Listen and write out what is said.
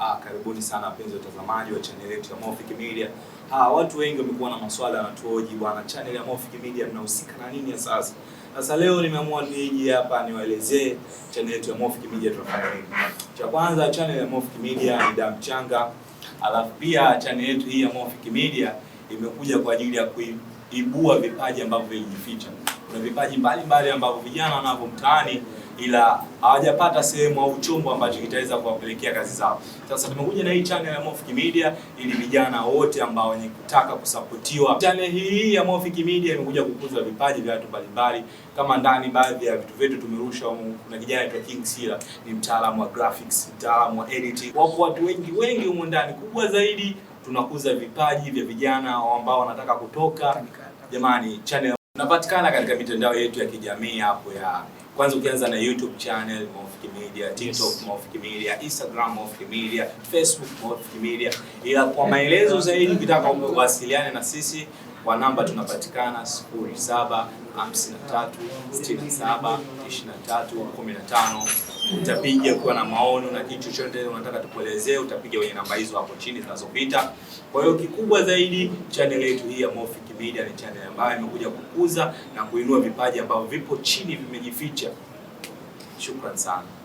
Ah, karibuni sana wapenzi watazamaji wa channel yetu ya Mofic Media. Ah, watu wengi wamekuwa na maswala wanatuoji, bwana, channel ya Mofic Media mnahusika na nini sasa? Sasa leo nimeamua niji hapa niwaelezee channel yetu ya Mofic Media tunafanya nini. Cha kwanza, channel ya Mofic Media ni damu changa. Alafu pia channel yetu hii ya Mofic Media imekuja kwa ajili ya kuibua vipaji ambavyo vilijificha. Kuna vipaji mbalimbali ambavyo vijana wanavyo mtaani ila hawajapata sehemu au chombo ambacho kitaweza kuwapelekea kazi zao. Sasa tumekuja na hii channel ya Mofic Media ili vijana wote ambao wenye kutaka kusapotiwa. Channel hii ya Mofic Media imekuja kukuza vipaji vya watu mbalimbali, kama ndani baadhi ya vitu vyetu tumerusha. Kuna kijana aitwa King Sila, ni mtaalamu wa graphics, mtaalamu wa editing. Wapo watu wengi wengi humo ndani. Kubwa zaidi tunakuza vipaji vya vijana ambao wanataka kutoka. Jamani, channel Tunapatikana katika mitandao yetu ya kijamii hapo ya kwanza ukianza na YouTube channel Mofiki Media, TikTok yes, Mofiki Media, Instagram Mofiki Media, Facebook Mofiki Media. Ila kwa maelezo zaidi ukitaka kuwasiliana na sisi kwa namba tunapatikana 0753672315. Utapiga ukiwa na maono na kitu chochote unataka tukuelezee, utapiga kwenye namba hizo hapo chini zinazopita. Kwa hiyo kikubwa zaidi, channel yetu hii ya Mofic Media ni channel ambayo imekuja kukuza na kuinua vipaji ambavyo vipo chini vimejificha. Shukran sana.